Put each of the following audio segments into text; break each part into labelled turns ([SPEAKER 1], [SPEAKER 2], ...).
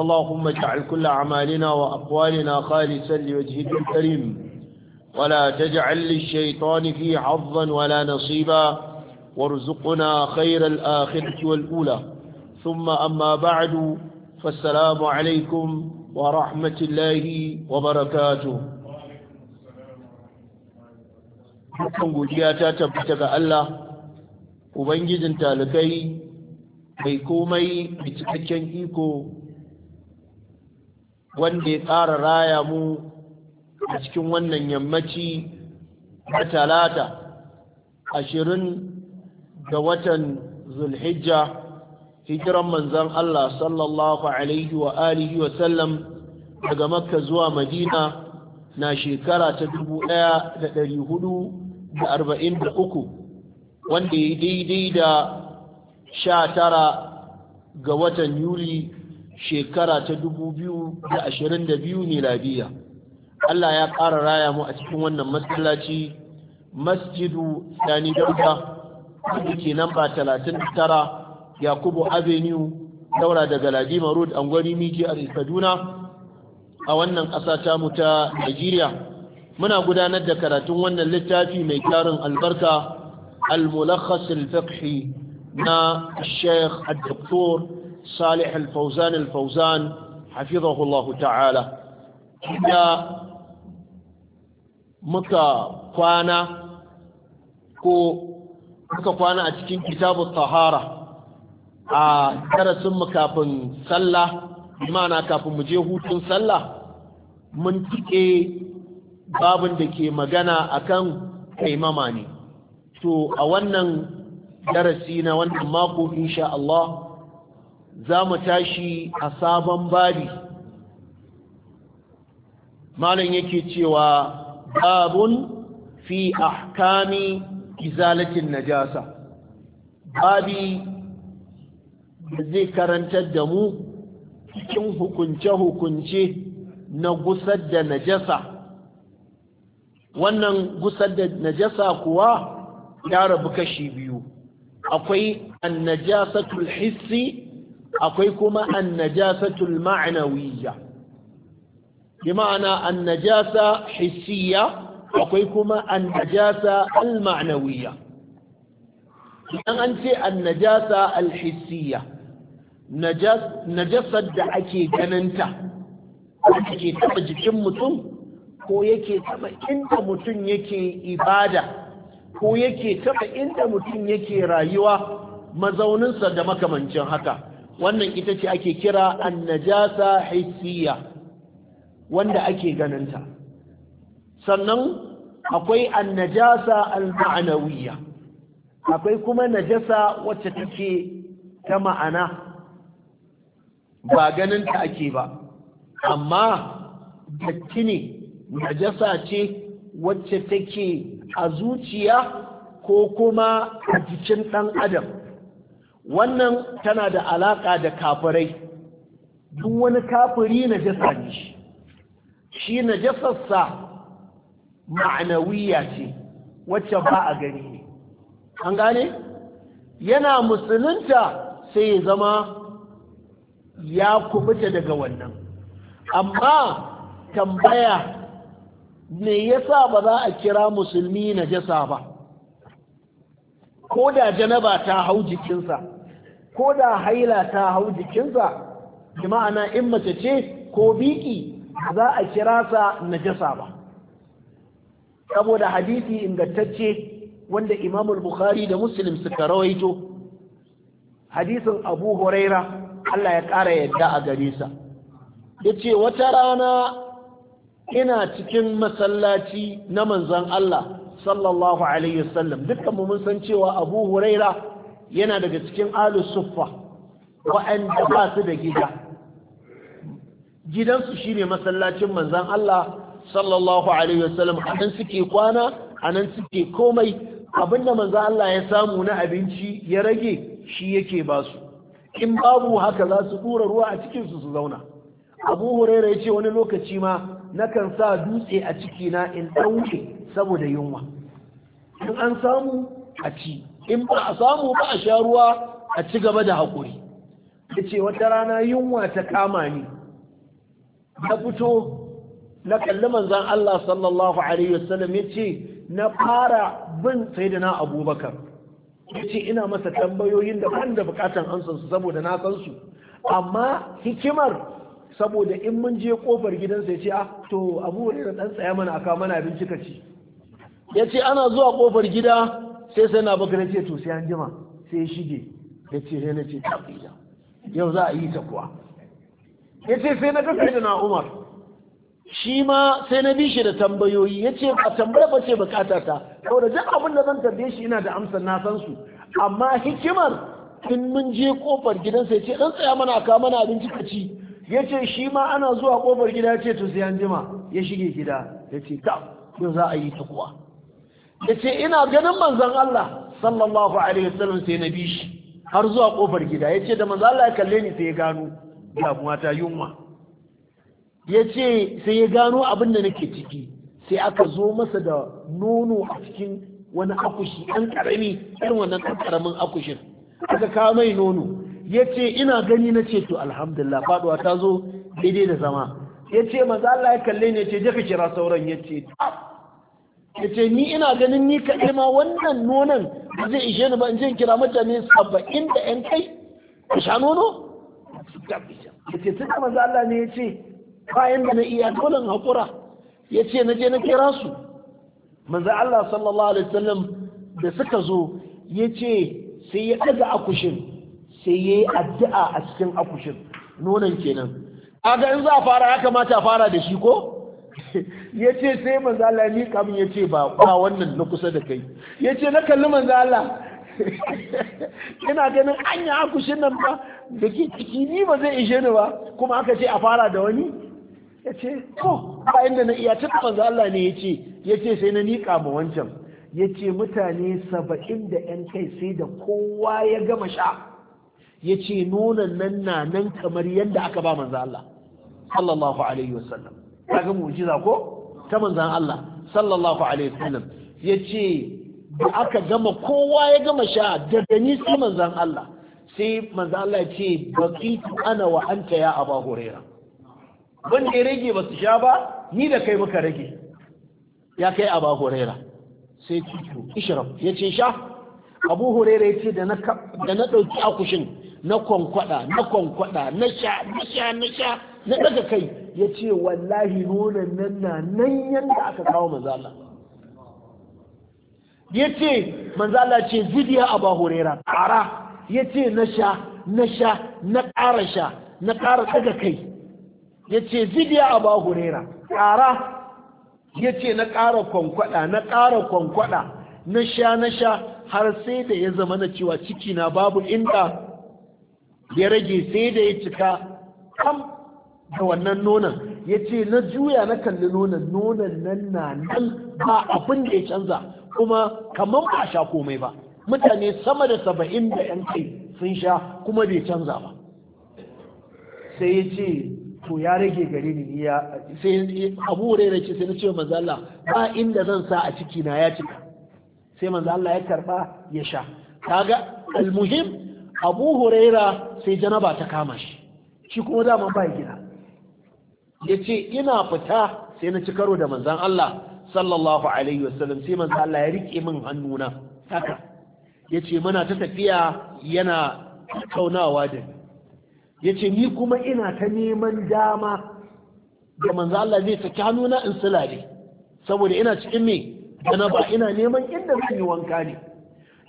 [SPEAKER 1] اللهم اجعل كل أعمالنا وأقوالنا خالصا لوجهك الكريم ولا تجعل للشيطان فيه حظا ولا نصيبا وارزقنا خير الآخرة والأولى ثم أما بعد فالسلام عليكم ورحمة الله وبركاته Dukkan godiya ta tabbata ga Allah, Ubangijin talibai mai komai mai cikakken iko wanda ya ƙara raya mu a cikin wannan yammaci na talata ashirin ga watan zulhijja hijiran manzan Allah sallallahu alaihi wa alihi wa sallam daga makka zuwa madina na shekara ta dubu ɗaya da ɗari hudu da arba'in da uku wanda ya daidai da sha tara ga watan yuli shekara ta 2022 miladiya Allah ya ƙara raya mu a cikin wannan masallaci masjidu sani dauda da ke namba 39 yakubu avenue daura daga ladima road angwani miji a kaduna a wannan ƙasa ta mu ta nigeria muna gudanar da karatun wannan littafi mai tarin albarka al-mulakhas al-fiqhi na sheikh al-doktor صالح الفوزان الفوزان حفظه الله تعالى إذا مكا كوانا كو مكا كوانا أتكين كتاب الطهارة درس مكافن صلى بمعنى كافن مجيهوت صلى من تكي babin da ke magana akan kaimama ne to a wannan darasi na wannan mako insha Allah za mu tashi a sabon babi malam yake cewa babun fi ahkami izalatin najasa babi da zai karantar da mu cikin hukunce-hukunce na gusar da najasa wannan gusar da najasa kuwa ya rabu kashi biyu akwai annajasatul hissi akwai kuma annajasatul ma'nawiyya bi ma'ana annajasa hissiyya akwai kuma annajasa al-ma'nawiyya idan an ce annajasa al-hissiyya najasar da ake gananta ake taba jikin mutum ko yake taba inda mutum yake ibada ko yake taba inda mutum yake rayuwa mazauninsa da makamancin haka wannan ita ce ake kira annajasa hissiya wanda ake ganinta sannan akwai annajasa al-ma'anawiyya akwai kuma najasa wacce take ta ma'ana ba ganinta ake ba amma datti ne najasa ce wacce take a zuciya ko kuma a jikin ɗan adam wannan tana da alaƙa da kafirai duk wani kafiri na jasa ne shi shi na jasarsa ma'anawiya ce wacce ba a gani ne an gane yana musulunta sai ya zama ya kubuta daga wannan amma tambaya me yasa ba za a kira musulmi na jasa ba ko da janaba ta hau jikinsa ko da haila ta hau jikinsa da ma'ana in mace ce ko biki za a kira sa najasa ba saboda hadisi ingantacce wanda imamul bukhari da muslim suka rawaito hadisin abu huraira Allah ya ƙara yadda a gare sa ce wata rana ina cikin masallaci na manzon Allah sallallahu alaihi wasallam dukkan mu mun san cewa Abu Huraira yana daga cikin ahlus suffa wa'anda ba su da gida gidansu shine masallacin manzon Allah sallallahu alaihi wasallam anan suke kwana anan suke komai abinda manzon Allah ya samu na abinci ya rage shi yake ba su in babu haka za su dura ruwa a cikin su su zauna Abu Huraira ya ce wani lokaci ma nakan sa dutse a ciki na in ɗauke saboda yunwa in an samu a ci in ba a samu ba a sha ruwa a ci gaba da haƙuri ya ce wata rana yunwa ta kama ni na fito na kalli manzan Allah sallallahu Alaihi wasallam ya ce na fara bin na abubakar ya ce ina masa tambayoyin da ban da bukatan ansansu saboda na san su amma hikimar saboda in mun je kofar gidansa ya ce ah to abu hurairah dan tsaya mana aka mana abinci ka ci ya ce ana zuwa kofar gida sai sai na bakar ce to sai an jima sai ya shige ya ce sai na ce tafiya yau za a yi ta kuwa ya ce sai na kasar da na umar shi ma sai na bi shi da tambayoyi ya ce a tambaya ba ce bukata ta da jan abin da zan tambaye shi ina da amsa na san su amma hikimar in mun je kofar gidansa ya ce dan tsaya mana aka mana abinci ka ci ya ce shi ma ana zuwa ƙofar gida ya ce to sai an jima ya shige gida ya ce ta ko za a yi ta kuwa ya ce ina ganin manzan Allah sallallahu alaihi wasallam sai na bi shi har zuwa ƙofar gida ya ce da manzan Allah ya kalle ni sai ya gano damuwa ta yunwa ya ce sai ya gano abin da nake ciki sai aka zo masa da nono a cikin wani akushi ɗan ƙarami irin wannan ɗan ƙaramin akushin aka kawo mai nono ya ce ina gani na ce to alhamdulillah faduwa ta zo daidai da zama ya ce maza Allah ya kalle ne ce jaka kira sauran ya ce ya ce ni ina ganin ni kaɗai ma wannan nonon zai ishe ni ba in je kira mutane saba'in da yan kai ku sha nono ya ce maza ne ya ce bayan da na iya dole haƙura ya ce na je na kira su maza Allah sallallahu alaihi wasallam da suka zo ya ce sai ya ɗaga akushin sai ya yi addu'a a cikin akushin nonon kenan aga in za a fara ya kamata fara da shi ko ya ce sai Manzala Allah ni kamun ya ce ba ba wannan na kusa da kai ya ce na kalli Manzala. Allah ina ganin anya akushin nan ba da ke ciki ni ba zai ishe ni ba kuma aka ce a fara da wani ya ce ko ba inda na iya tun manzo Allah ne ya ce ya ce sai na nika ma wancan ya ce mutane saba'in da 'yan kai sai da kowa ya gama sha ya ce nonon nan na nan kamar yadda aka ba manzan Allah sallallahu alaihi wasallam ta ga mujiza ko ta manzan Allah sallallahu alaihi wasallam ya ce da aka gama kowa ya gama sha da gani sai manzan Allah sai manzan Allah ya ce baqitu ana wa anta ya aba huraira wanda ya rage ba su sha ba ni da kai muka rage ya kai aba huraira sai ciki ishraf ya ce sha abu huraira ya ce da na ɗauki akushin na kwankwada na kwankwada na sha na sha na sha na daga kai ya ce wallahi nonon nan na nan yadda aka kawo manzala ya ce manzala ce zidiya a bahurera ƙara ya ce na sha na sha na ƙara sha na ƙara daga kai ya ce zidiya a bahurera ƙara ya ce na ƙara kwankwada na ƙara kwankwada na sha na sha har sai da ya zama na cewa ciki na babu inda ya rage sai da ya cika kam da wannan nonon ya ce na juya na kalli nonon nonon nan na nan ba abin da ya canza kuma kamar ba sha komai ba mutane sama da saba'in da yan kai sun sha kuma bai canza ba sai ya ce to ya rage gare ni ya sai abu rai ce sai na ce manzo Allah ba inda zan sa a ciki na ya cika sai manzo Allah ya karba ya sha kaga almuhim abu huraira sai janaba ta kama shi shi kuma dama ba gida ya ce ina fita sai na ci karo da manzan Allah sallallahu alaihi wasallam sai manzan Allah ya riƙe min hannuna haka ya ce muna ta tafiya yana kaunawa da ni ya ce ni kuma ina ta neman dama da manzan Allah zai saki hannuna in sulale saboda ina cikin me janaba ina neman inda zan yi wanka ne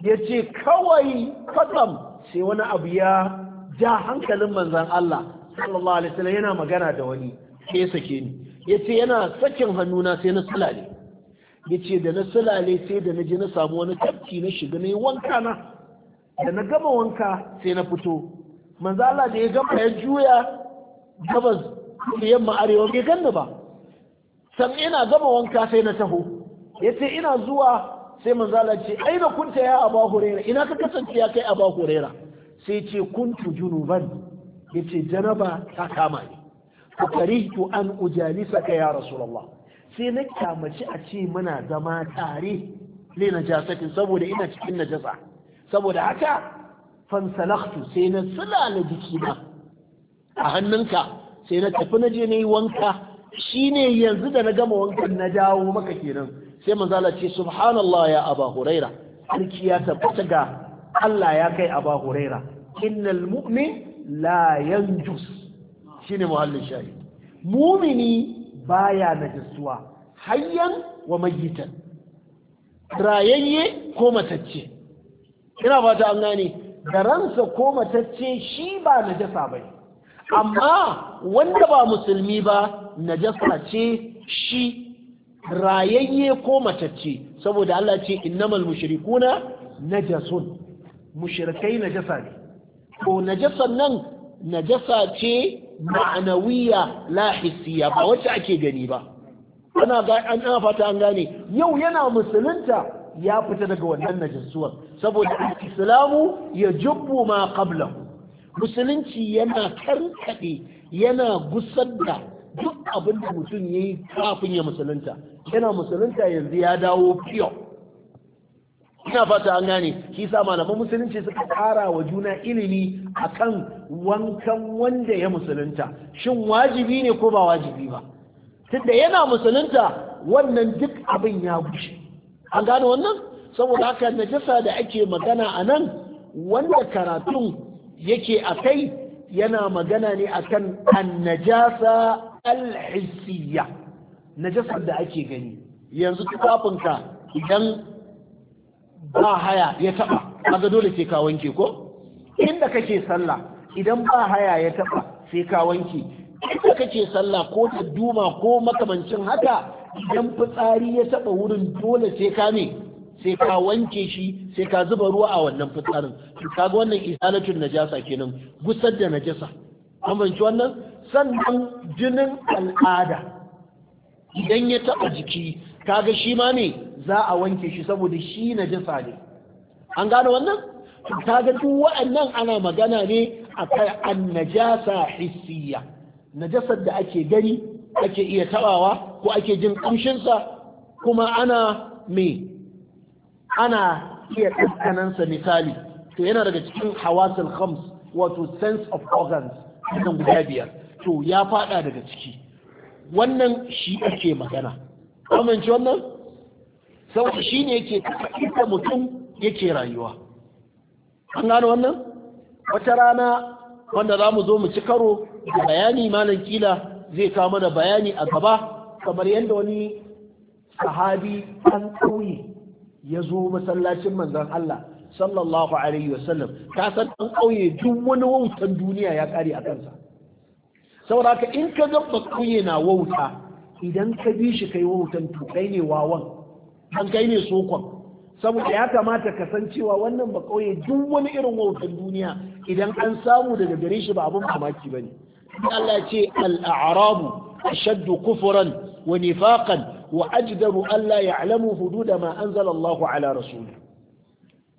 [SPEAKER 1] ya ce kawai kwatsam sai wani abu ya ja hankalin manzan Allah sallallahu alaihi wasallam yana magana da wani sai ke sake ni yace yana sakin hannuna sai na sulale yace da na sulale sai da na je na samu wani tafki na shiga na wanka na da na gama wanka sai na fito manzan Allah da ya gama ya juya gabas yamma arewa bai ganni ba san ina gama wanka sai na taho yace ina zuwa sai manzala ce aina kunta ya aba huraira ina ka kasance ya kai aba huraira sai ce kuntu junuban yace janaba ta kama ni kari tu an ka ya rasulullah sai na kyamaci a ce muna zama tare ne najasatin saboda ina cikin najasa saboda haka fansalaktu sai na sulala ba. a hannunka sai na tafi na je na yi wanka shine yanzu da na gama wankan na dawo maka kenan sai manzala ce subhanallah ya aba huraira sarki ya tabbata ga Allah ya kai aba huraira innal mu'min la yanjus shine muhallin shahid mumini baya najisuwa hayyan wa mayitan rayayye ko matacce ina fata an gane da ransa ko matacce shi ba najasa bane amma wanda ba musulmi ba najasa ce shi rayayye ko matacce saboda Allah ce innamal mushrikuna najasun mushrikai najasa ne ko najasan nan najasa ce ma'anawiya la hissiya ba wacce ake gani ba ana ga an fata an gane yau yana musulunta ya fita daga wannan najasuwa saboda islamu ya jubbu ma qablahu musulunci yana karkade yana gusar da duk abin da mutum ya yi kafin ya musulunta yana musulunta yanzu ya dawo fiyo ina fata an gane shi sa malaman musulunci suka kara wa juna ilimi akan wankan wanda ya musulunta shin wajibi ne ko ba wajibi ba tunda yana musulunta wannan duk abin ya gushe an gane wannan saboda haka najasa da ake magana a nan wanda karatun yake a kai yana magana ne akan najasa. na najasar da ake gani yanzu tufafinka idan ba haya ya taba kaga dole sai ka wanke ko inda kake sallah idan ba haya ya taba sai ka wanke inda kake sallah ko ta duma ko makamancin haka idan fitsari ya taba wurin dole sai ka ne sai ka wanke shi sai ka zuba ruwa a wannan fitsarin kaga wannan isalatun najasa kenan gusar da najasa an wannan sannan jinin al'ada idan ya taɓa jiki kaga shi ma ne za a wanke shi saboda shi na jasa ne an gano wannan kaga duk wa'annan ana magana ne a kai an najasa hissiya najasar da ake gani ake iya tabawa ko ake jin kamshinsa kuma ana me ana iya ɗanɗanansa misali to yana daga cikin hawasul khams wato sense of organs idan guda biyar to ya fada daga ciki wannan shi ake magana amince wannan saboda shi ne yake inda mutum yake rayuwa an gano wannan wata rana wanda za mu zo mu ci karo da bayani malam kila zai kawo mana bayani a gaba kamar yadda wani sahabi an ƙauye ya zo masallacin manzon Allah sallallahu alaihi wasallam ka san an ƙauye duk wani wautan duniya ya ƙare a kansa Saura ka in ka ga bakuye na wauta idan ka bi shi kai wautan to kai ne wawan an kai ne sokon saboda ya kamata ka san cewa wannan ba kauye duk wani irin wautan duniya idan an samu daga gare shi ba abin mamaki ne. Allah ce al-a'rabu ashaddu kufran wa nifaqan wa ajdaru alla ya'lamu hududa ma anzala Allah ala rasuli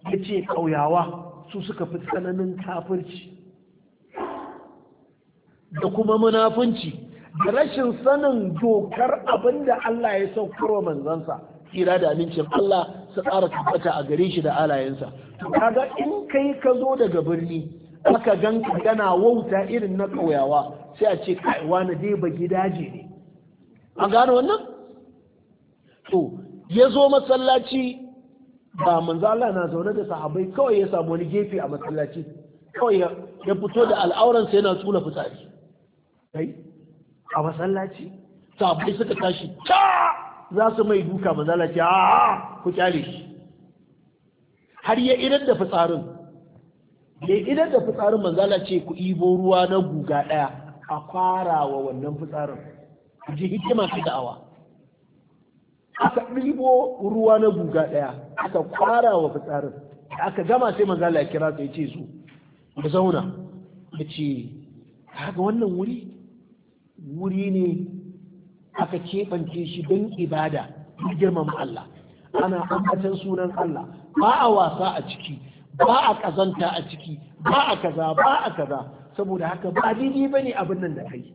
[SPEAKER 1] yace ƙauyawa su suka fi tsananin kafirci da kuma munafunci da rashin sanin dokar abin da Allah ya saukarwa manzansa tsira da amincin Allah su tsara tabbata a gare shi da alayensa to kaga in kai ka zo daga birni aka gan ka gana wauta irin na ƙauyawa sai a ce kaiwa na dai ba gidaje ne an gano wannan to ya zo masallaci ba manzo Allah na zaune da sahabai kawai ya samu wani gefe a masallaci kawai ya fito da al'auransa yana tsula fitsari kai a masallaci sabai suka tashi ta za su mai duka masallaci a ku kyale shi har ya idan da fitsarin ya idan da fitsarin manzala ce ku ibo ruwa na guga ɗaya a fara wa wannan fitsarin ji hikima ta da'awa aka ɗibo ruwa na guga ɗaya aka kwara wa fitsarin aka gama sai manzala ya kira sai ce su ku zauna ya ce haka wannan wuri wuri ne aka keɓance shi don ibada girmama Allah ana ambatan sunan Allah ba a wasa a ciki ba a kazanta a ciki ba a kaza ba a kaza saboda haka ba daidai bane abin nan da kai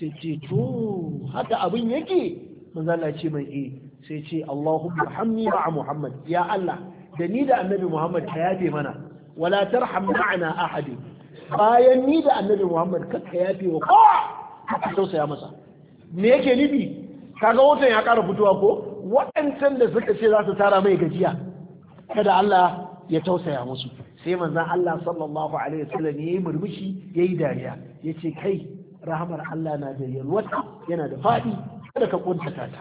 [SPEAKER 1] sai ce to haka abin yake manzala ce mai e sai ce Allahumma hamni ma'a Muhammad ya Allah da ni da annabi Muhammad ka yafe mana wala tarham ma'ana ahadi bayan ni da annabi Muhammad ka yafe wa kowa a tausaya masa me yake nufi kaga watan ya ƙara fitowa ko waɗancan da suka ce za su tara mai gajiya kada Allah ya tausaya musu sai manzon Allah sallallahu alaihi wasallam yayi murmushi yayi dariya yace kai rahmar Allah na da yalwata yana da faɗi kada ka kuntata ta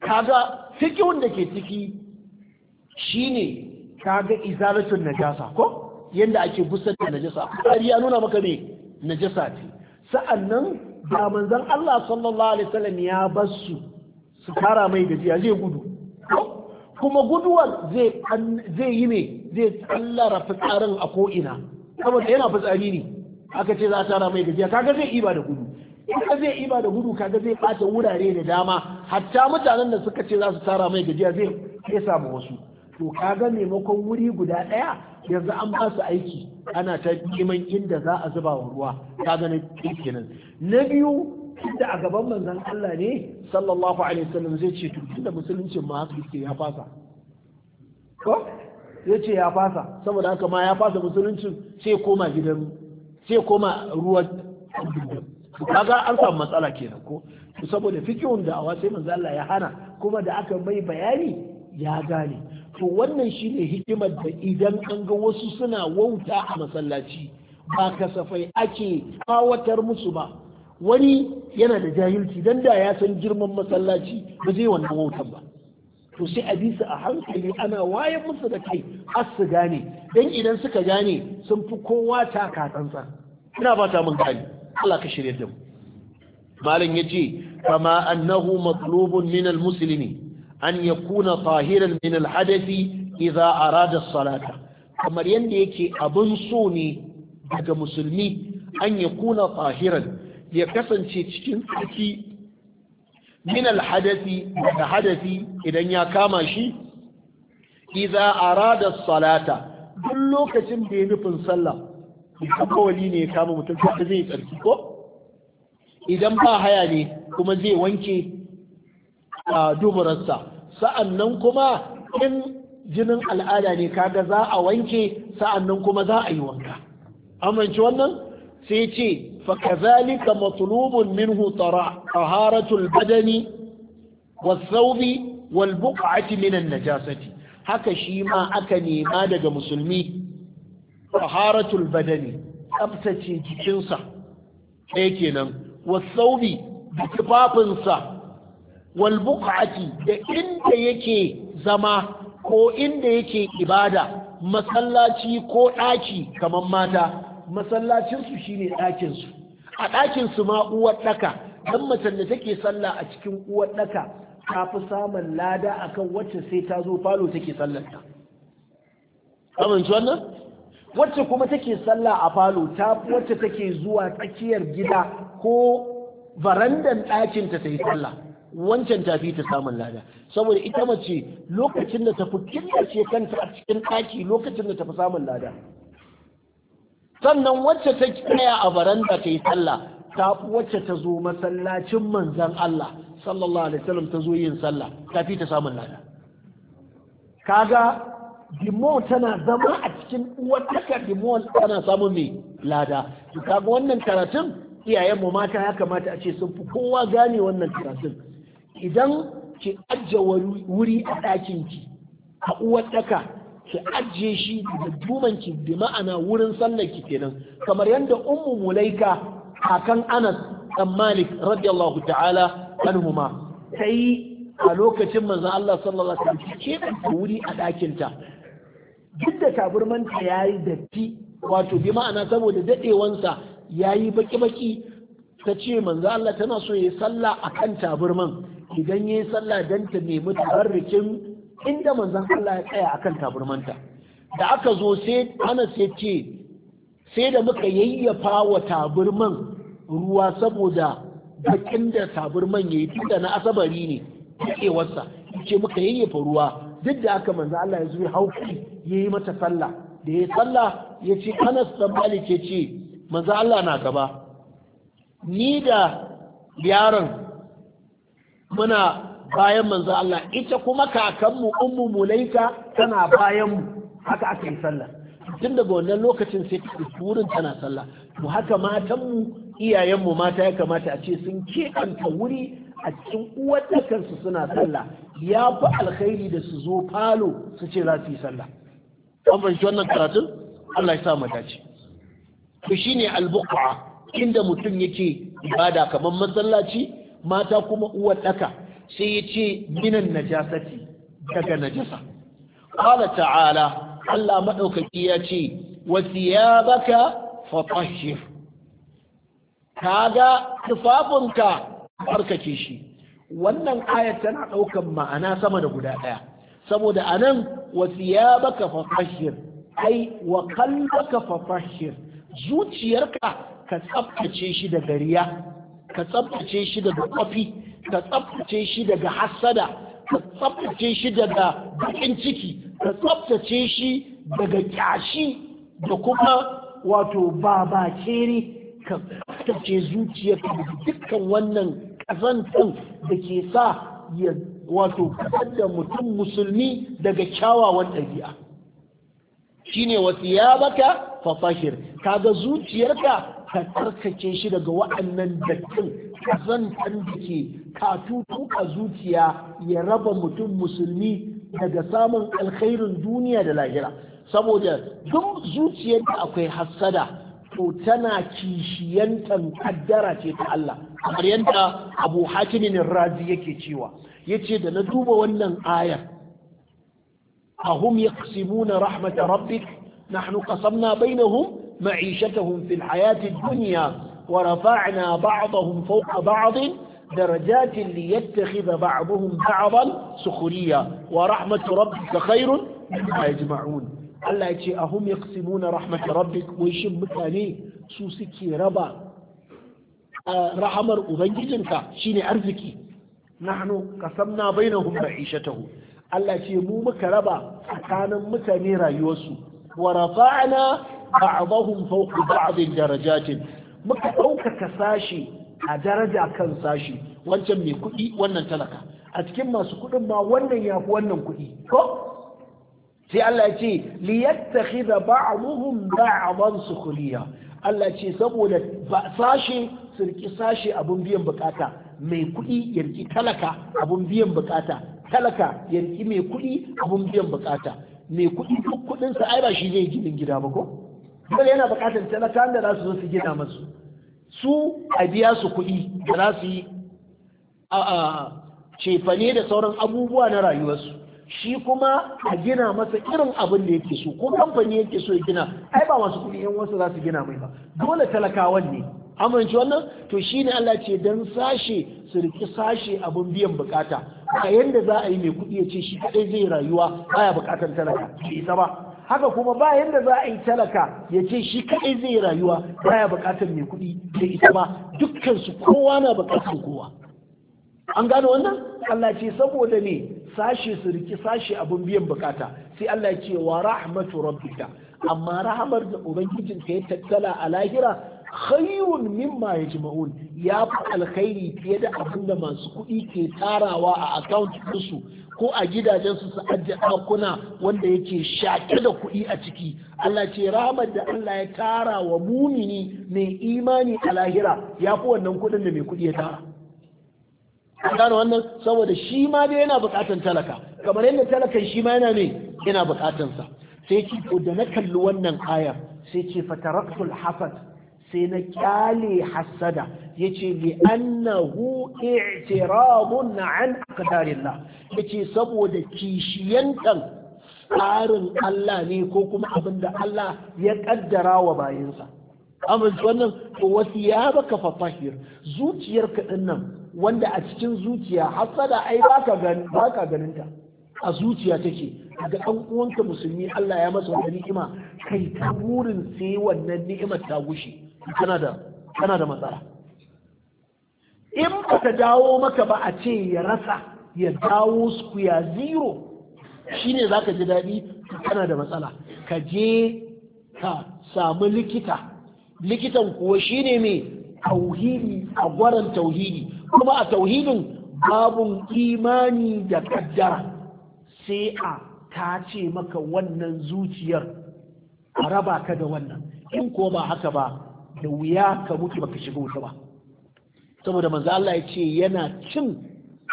[SPEAKER 1] kaga fikihun da ke ciki shine kaga izalatun najasa ko yanda ake busar da najasa ya nuna maka ne najasa ce sa'annan da manzon Allah sallallahu alaihi wasallam ya basu su su fara mai gajiya zai gudu kuma guduwar zai yi ne zai tsallara fitsarin a ko'ina saboda yana fitsari ne aka ce za a tara mai gajiya kaga zai iba da gudu kaga zai iba da gudu kaga zai bata wurare da dama hatta mutanen da suka ce za su tara mai gajiya zai samu wasu to kaga maimakon wuri guda ɗaya yanzu an ba su aiki ana ta neman inda za a zuba wa ruwa kaga na kenan na biyu inda a gaban manzon Allah ne sallallahu alaihi wasallam zai ce to tunda musuluncin ma haka yake ya fasa ko ya ce ya fasa saboda haka ma ya fasa musuluncin sai koma gidan sai koma ruwan kaga an samu matsala kenan ko saboda fikihun awa sai manzon Allah ya hana kuma da aka mai bayani ya gane to wannan shi ne hikimar da idan an ga wasu suna wauta a masallaci ba kasafai ake kawatar musu ba wani yana da jahilci dan da ya san girman masallaci ba zai wannan wautan ba to sai a bisa a hankali ana wayan musu da kai har su gane dan idan suka gane sun fi kowa ta tsantsan ina ba ta mun gani Allah ka shirye da mu malam yace kama annahu matlubun min almuslimi an kuna tahiran min alhadathi idza arada salata kamar yanda yake abun so ne daga musulmi an kuna tahiran ya kasance cikin tsaki min alhadathi daga idan ya kama shi idza arada salata duk lokacin da ya nufin sallah kawali ne ya kama mutum zai tsarki ko idan ba haya ne kuma zai wanke duburarsa sa'annan kuma in jinin al'ada ne kaga za a wanke sa'annan kuma za a yi wanka amince wannan sai ce fa kazalika matlubun minhu taharatul badani wasaubi wal buq'ati minan najasati haka shi ma aka nema daga musulmi taharatul badani tsaftace jikinsa ɗaya kenan wasaubi da tufafinsa wal da inda yake zama ko inda yake ibada masallaci ko ɗaki kamar mata masallacinsu shine ɗakinsu
[SPEAKER 2] a ɗakinsu
[SPEAKER 1] ma uwar ɗaka dan macen da take sallah a cikin uwar ɗaka ta fi samun lada akan wacce sai ta zo falo take sallarta amince wannan wacce kuma take sallah a falo ta wacce take zuwa tsakiyar gida ko barandan ɗakinta ta yi sallah wancan tafi ta samun lada saboda ita mace lokacin da tafi killace kanta a cikin ɗaki lokacin da tafi samun lada sannan wacce ta kiraya a baranda ta yi sallah ta wacce ta zo masallacin manzan Allah sallallahu alaihi wasallam ta zo yin sallah fi ta samun lada kaga dimo tana zama a cikin uwartaka dimo tana samun mai lada kaga wannan karatun iyayenmu mata ya kamata a ce sun fi kowa gane wannan karatun idan ki ajiye wuri a ɗakin ki a uwarɗaka ki ajiye shi da duman ki ma'ana wurin sallar ki kenan kamar yadda ummu mulaika kakan anas dan malik radiyallahu ta'ala anhuma ta yi a lokacin manzon Allah sallallahu alaihi wasallam ke da wuri a ɗakinta. ta duk da ta yayi datti wato bi ma'ana saboda dadewansa yayi baki baki ta ce manzo Allah tana so ya sallah akan taburman idan yayi sallah don ta nemi tabarrukin inda manzan Allah ya tsaya akan taburmanta da aka zo sai Anas ya ce sai da muka yayyafa wa taburman ruwa saboda bakin da taburman ya yi tunda na asabari ne kewarsa ce muka yayyafa ruwa duk da aka manzo Allah ya zo hauki yi mata sallah da ya sallah ya ce Anas dan Malik ya ce manzan Allah na gaba ni da yaron muna bayan manzo Allah ita kuma kakanmu ummu mulaika tana bayan mu haka aka yi sallah tun daga wannan lokacin sai ta wurin tana sallah Mu haka matan mu iyayen mata ya kamata a ce sun keɓanta wuri a cikin uwardakan suna sallah ya fi alkhairi da su zo falo su ce za su yi sallah an fahimci wannan karatun Allah ya sa mu dace to shine albuqa inda mutum yake ibada kamar masallaci mata kuma uwar ɗaka sai ya ce minan najasati daga najasa ƙala ta'ala Allah maɗaukaki ya ce wasiya baka fatashir ka ga tufafinka barkace shi wannan ayat tana ɗaukan ma'ana sama da guda ɗaya saboda a nan ya baka fatashir ai wa kallaka fatashir zuciyarka ka tsaftace shi da gariya ka tsabtace shi daga kwafi ka tsabtace shi daga hassada ka tsabtace shi daga bakin ciki ka tsabtace shi daga kyashi da kuma wato babakere ka tsabtace zuciyarka daga dukkan wannan ƙazantan da ke sa ya wato fitar da mutum musulmi daga kyawawan ɗabi'a shine wasu ya baka fafahir kaga zuciyarka ka tsarkake shi daga wa'annan dattin zan da ke ka tutuƙa zuciya ya raba mutum musulmi daga samun alkhairin duniya da lahira saboda duk zuciyar da akwai hassada to tana kishiyantan kaddara ce ta Allah kamar yadda abu hakimin razi yake cewa yace da na duba wannan ayar ahum yaqsimuna rahmat rabbik nahnu qasamna bainahum معيشتهم في الحياة الدنيا ورفعنا بعضهم فوق بعض درجات ليتخذ بعضهم بعضا سخرية ورحمة ربك خير مما يجمعون Allah ce a hum yaqsimuna rahmat rabbik wai shin mutane su suke raba rahamar ubangijinka shine arziki nahnu qasamna bainahum ma'ishatahu Allah ce mu muka raba tsakanin mutane rayuwarsu wa rafa'na ba'dahum fawqa ba'd darajatin muka ɗaukaka sashe a daraja kan sashi wancan mai kuɗi wannan talaka a cikin masu kuɗin ma wannan ya fi wannan kuɗi ko sai Allah ya ce liyattakhidha ba'dhum ba'dhan kuliya. Allah ce saboda ba sashe su sashe abun biyan bukata mai kuɗi yarki talaka abun biyan bukata talaka yarki mai kuɗi abun biyan bukata mai kuɗi duk kuɗin sa ai ba shi zai ginin gida ba ko dole yana bukatar talaka da za su zo su gina masu su a biya su kuɗi da za su yi a cefane da sauran abubuwa na rayuwarsu shi kuma a gina masa irin abin da yake so ko kamfani yake so ya gina ai ba masu kuɗi yan wasu za su gina mai ba dole talakawan ne amince wannan to shi ne Allah ce dan sashe su riki sashe abin biyan bukata a yanda za a yi mai kuɗi ya ce shi kaɗai zai rayuwa baya bukatar talaka ba haka kuma ba yadda za a yi talaka ya ce shi kaɗai zai rayuwa baya buƙatar mai kuɗi da ita ba dukkan su kowa na buƙatar kowa an gano wannan Allah ce saboda ne sashe su riki sashe abun biyan bukata sai Allah ce wa rahmatu rabbika amma rahamar da ubangijin ka ya tattala a lahira khayrun mimma yajma'un ya fi alkhairi fiye da abin da masu kuɗi ke tarawa a account ɗinsu ko a gidajensu su ajiye ɗakuna wanda yake shaƙe da kuɗi a ciki Allah ce rahamar da Allah ya tara wa mumini mai imani a lahira ya fi wannan kuɗin da mai kuɗi ya tara a wannan saboda shi ma dai yana buƙatan talaka kamar yadda talakan shi ma yana ne yana buƙatansa sai ce da na kalli wannan ayar sai ce fataraktul hasad sai na kyale hassada ya ce bi annahu i'tirabun an aqdarillah ya ce saboda kishiyantan tsarin Allah ne ko kuma abin da Allah ya kaddara wa bayansa amma wannan to wasu ya baka fatahir zuciyarka din nan wanda a cikin zuciya hassada ai baka ka ganinta a zuciya take daga ɗan uwanka musulmi Allah ya masa wata ni'ima kai ta burin sai wannan ni'imar ta gushe kana da matsala in ba ka dawo maka ba a ce ya rasa ya dawo square zero shine za ka ji daɗi kana da matsala ka je ka samu likita likitan kuwa shine mai tauhidi a gwaran tauhidi kuma a tauhidin babun imani da kaddara sai a ce maka wannan zuciyar a raba ka da wannan in ko ba haka ba da wuya ka mutu baka shiga wuta ba saboda manzo Allah ya ce yana cin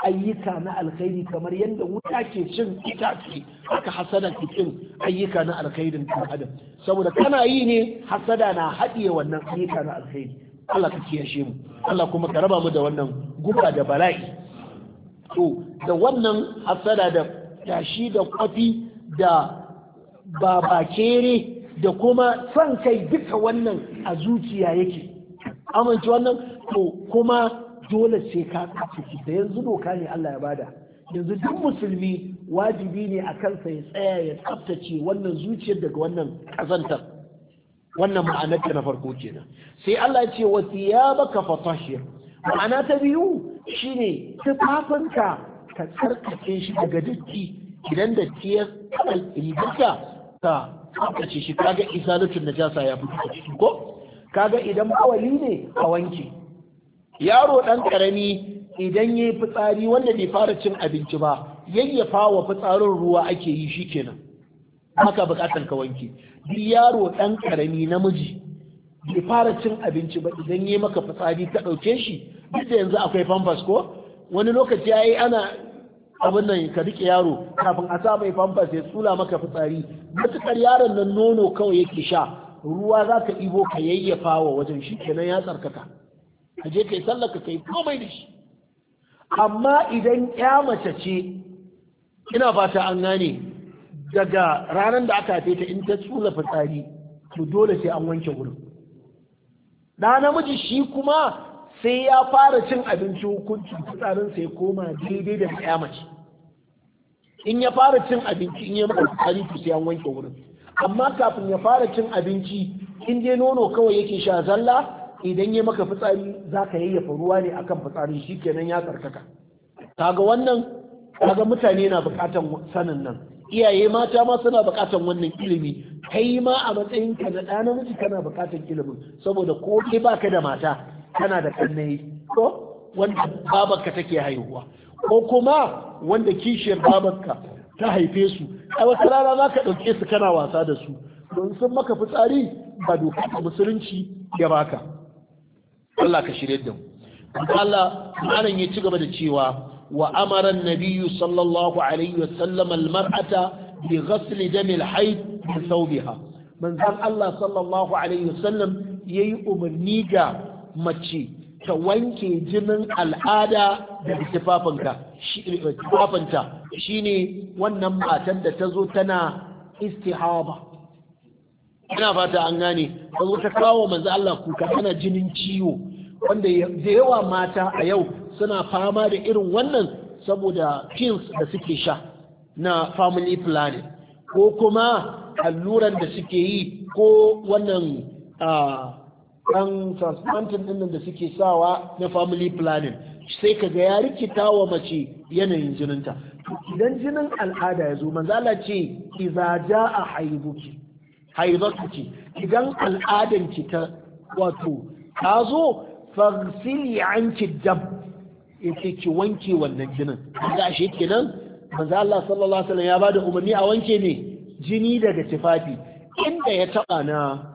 [SPEAKER 1] ayyuka na alkhairi kamar yadda wuta ke cin itace haka hasada ke cin ayyuka na alkhairin ɗan adam saboda kana yi ne hasada na haɗiye wannan ayyuka na alkhairi Allah ka kiyashe mu Allah kuma ka raba mu da wannan guba da bala'i to da wannan hasada da tashi da kwafi da babakere da kuma son kai duka wannan a zuciya yake amince wannan to kuma dole sai ka kafa da yanzu doka ne Allah ya bada yanzu duk musulmi wajibi ne a kansa ya tsaya ya tsaftace wannan zuciyar daga wannan kazantar wannan ma'anar ta na farko kenan sai Allah ya ce wa thiyabaka fatahhir ma'ana ta biyu shine tufafinka ka tsarkake shi daga datti idan da tiyar rigarka ka tsabtace shi kaga isalatun najasa ya fito ko kaga idan mawali ne a wanke yaro ɗan ƙarami idan yayi fitsari wanda bai fara cin abinci ba yayyafa wa fitsarin ruwa ake yi shikenan haka bukatan ka wanke duk yaro ɗan karami namiji bai fara cin abinci ba idan yayi maka fitsari ka ɗauke shi duk da yanzu akwai famfas ko wani lokaci yayi ana abin nan ka rike yaro kafin a sa mai famfas ya tsula maka fitsari matukar yaron nan nono kawai yake sha ruwa za ka ibo ka yayyafa wa wajen shi kenan ya tsarkaka ka je ka yi sallaka ka kai komai da shi amma idan ya mace ce ina fata an gane daga ranar da aka ta in ta tsula fitsari to dole sai an wanke wurin da namiji shi kuma sai ya fara cin abinci hukuncin fitsarin ya koma daidai da ya mace in ya fara cin abinci in ya maka fitsari sai an wanke wurin amma kafin ya fara cin abinci in dai nono kawai yake sha zalla idan ya maka fitsari za ka yayyafa ruwa ne akan fitsarin shi kenan ya tsarkaka kaga wannan kaga mutane na bukatan sanin nan iyaye mata ma suna bukatan wannan ilimi kai ma a matsayin ka na ɗa namiji kana bukatan ilimin saboda ko kai baka da mata kana da kannai ko wanda babanka take haihuwa ko kuma wanda kishiyar babarka ta haife su a wata rana za ka ɗauke su kana wasa da su don sun maka fitsari ba dokar da musulunci ya baka Allah ka shirye da mu Allah malam ya ci gaba da cewa wa amara an sallallahu alaihi wa sallam al-mar'ata bi ghasl dam al-hayd bi thawbiha manzon Allah sallallahu alaihi wa sallam yayi umarni ga mace Ka wanke jinin al'ada da tufafinka eh, tufafinta ne wannan matan da ta zo tana istihaba ina fata an gane ta zo ta kawo manzo Allah kuka tana jinin ciwo wanda da yawa mata a yau suna fama da irin wannan saboda pills da suke sha na family planning ko kuma alluran da suke yi ko wannan ah, ɗan transplantin ɗin da suke sawa na family planning sai kaga ya rikita wa mace yanayin jininta idan jinin al'ada ya zo manzala ce iza ja a haibuki ce idan ki ta wato ta zo fagsili ki dam yace ki wanke wannan jinin ga shi kenan manzo Allah sallallahu alaihi wasallam ya bada umarni a wanke ne jini daga tufafi inda ya taba na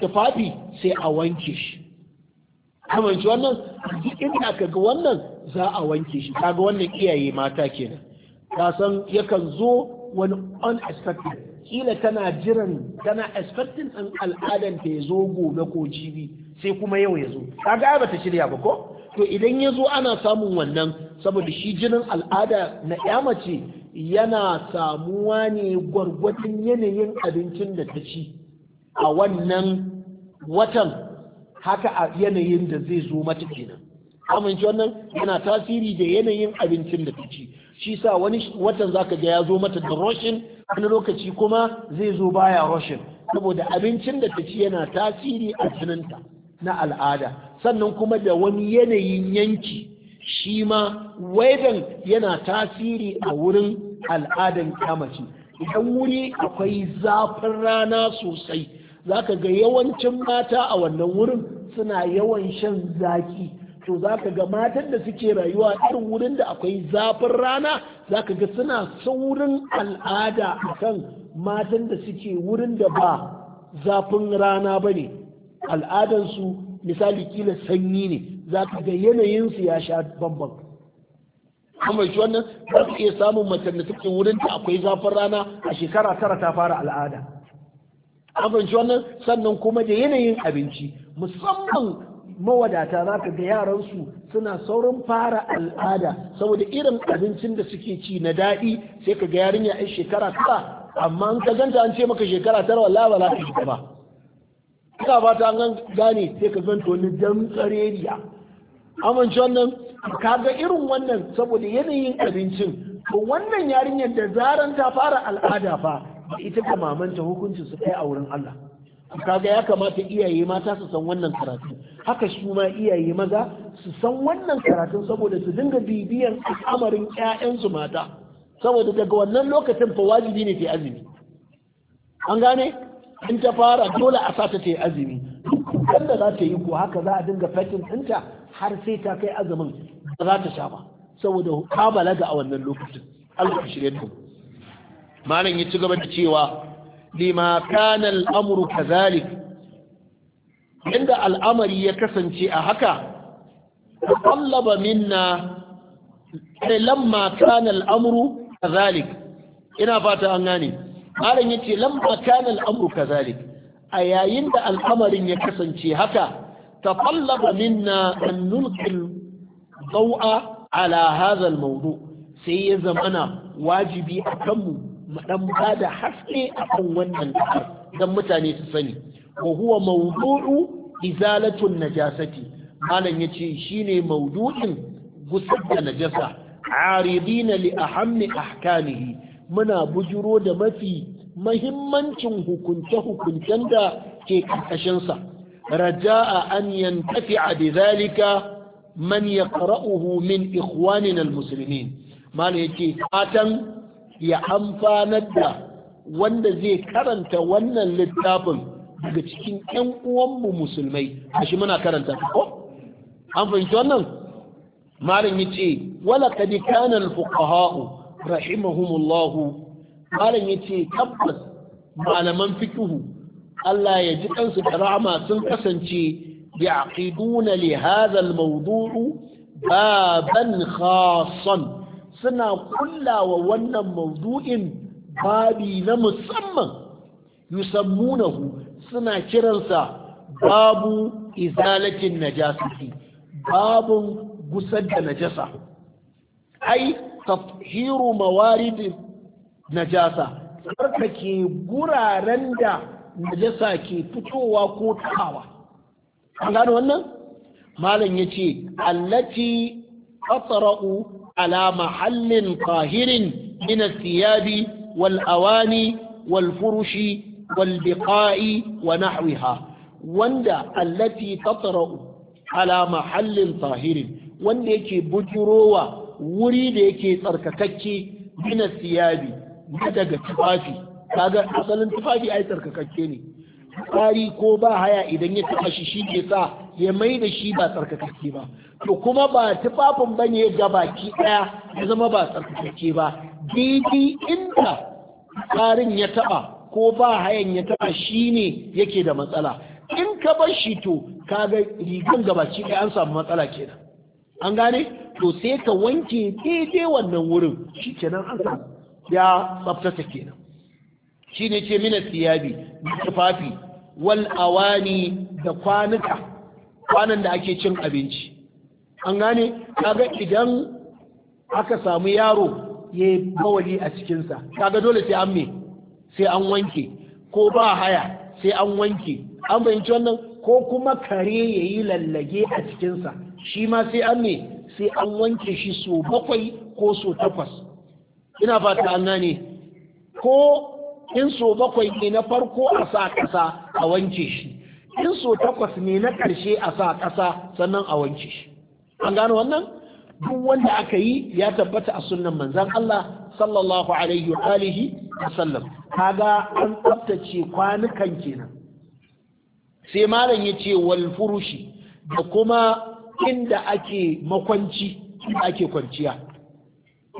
[SPEAKER 1] tufafi sai a wanke shi kamanci wannan duk inda ka ga wannan za a wanke shi kaga wannan iyaye mata kenan ka san yakan zo wani unexpected kila tana jiran tana expecting ɗan al'adan ta ya zo gobe ko jibi sai kuma yau ya zo kaga ba ta shirya ba ko to idan ya zo ana samun wannan saboda shi jinin al'ada na ya mace yana samuwa ne gwargwadon yanayin abincin da ta ci a wannan watan haka a yanayin da zai zo mata kenan amince wannan yana tasiri da yanayin abincin da ci shi sa wani watan zaka ga ya zo mata da roshin wani lokaci kuma zai zo baya roshin saboda abincin da ta ci yana tasiri a jininta na al'ada sannan kuma da wani yanayin yanki shi ma waidan yana tasiri a wurin al'adan kyamaci idan wuri akwai zafin rana sosai za ka ga yawancin mata a wannan wurin suna yawan shan zaki to za ka ga matan da suke rayuwa irin wurin da akwai zafin rana za ka ga suna saurin al'ada a kan matan da suke wurin da ba zafin rana ba ne al'adansu misali kila sanyi ne za ka ga yanayinsu ya sha bambam kuma shi wannan za ka iya samun mace da suke wurin da akwai zafin rana a shekara tara ta fara al'ada abinci wannan sannan kuma da yanayin abinci musamman mawadata za ka ga yaransu suna saurin fara al'ada saboda irin abincin da suke ci na daɗi sai ka ga yarinya ai shekara tara amma an ka ganta an ce maka shekara tara wala ba za ka shiga ba ina ba ta an gane sai ka ganta wani damtsareriya amince wannan ka ga irin wannan saboda yanayin abincin to wannan yarinyar da zaran ta fara al'ada fa ba ita ka mamanta hukuncin su kai a wurin Allah kaga ya kamata iyaye mata su san wannan karatu haka shi ma iyaye maza su san wannan karatun saboda su dinga bibiyan al'amarin ƴaƴansu mata saboda daga wannan lokacin fa wajibi ne ta azumi an gane in ta fara dole a sata ta yi azumi da za ta yi ko haka za a dinga fatin ɗinta har sai ta kai azumin ba za ta sha ba saboda ka balaga a wannan lokacin Allah ya shirye malam ya ci gaba da cewa lima kana al'amru kazalik inda al'amari ya kasance a haka tallaba minna lamma kana al'amru kazalik ina fata an gane malam yace lamma kana al'amru kazalik a yayin da al'amarin ya kasance haka tallaba minna an nulqi ضوء على هذا الموضوع sai ya zamana wajibi a kanmu madan ba da haske a kan wannan kafar don mutane su sani wa huwa mawdu'u izalatun najasati malam yace shine maududin gusar da najasa aridina li ahammi ahkamihi muna bujuro da mafi mahimmancin hukunce-hukuncen da ke karkashinsa raja'a an yantafi'a a zalika man yaqra'uhu min ikhwanina almuslimin malam yace fatan ya amfanar da wanda zai karanta wannan littafin daga cikin 'yan uwanmu musulmai a shi muna karanta ko an fahimci wannan malam ya ce wala kadi kanan fuqaha'u rahimahumullahu malam ya ce tabbas malaman fikihu Allah ya ji kansu da rahama sun kasance yaqiduna li hadha al-mawdu'u baban khasan suna kullawa wannan maudu'in babi na musamman yusammunahu suna kiransa babu izalatin najasati babun gusar da najasa ai tafhiru mawarid najasa tsarkake guraren da najasa ke fitowa ko takawa an gano wannan malam ya ce allati أطرأوا على محل طاهر من الثياب والأواني والفرش والبقاء ونحوها وندا التي تطرأ على محل طاهر wanda yake bujurowa wuri da yake tsarkakakke gina siyabi na daga tufafi kaga asalin tufafi ai tsarkakakke ne tsari ko ba haya idan ya taɓa shi shi ke sa ya mai da shi ba tsarkakakke ba to kuma ba tufafin ba ne ga baki ɗaya ya zama ba tsarkakakke ba daidai inda tsarin ya taɓa ko ba hayan ya taɓa shi ne yake da matsala in ka bar shi to ka ga rigan gabaci ɗaya an samu matsala kenan an gane to sai ka wanke daidai wannan wurin shi kenan an samu ya tsaftace kenan shi ne ce mina siyabi tufafi wal awani da kwanuka kwanan da ake cin abinci an gane kaga idan aka samu yaro ya yi bawali a cikinsa kaga dole sai an me sai an wanke ko ba haya sai an wanke an fahimci wannan ko kuma kare ya yi lallage a cikinsa shi ma sai an me sai an wanke shi so bakwai ko so takwas ina fata an gane ko in so bakwai ne na farko a sa ƙasa a wanke shi in so takwas ne na ƙarshe a sa ƙasa sannan a wanke shi an gano wannan duk wanda aka yi ya tabbata a sunnan manzan Allah sallallahu alaihi wa alihi wa sallam kaga an tsaftace kwanukan kenan sai malam ya ce wal furushi da kuma inda ake makwanci ake kwanciya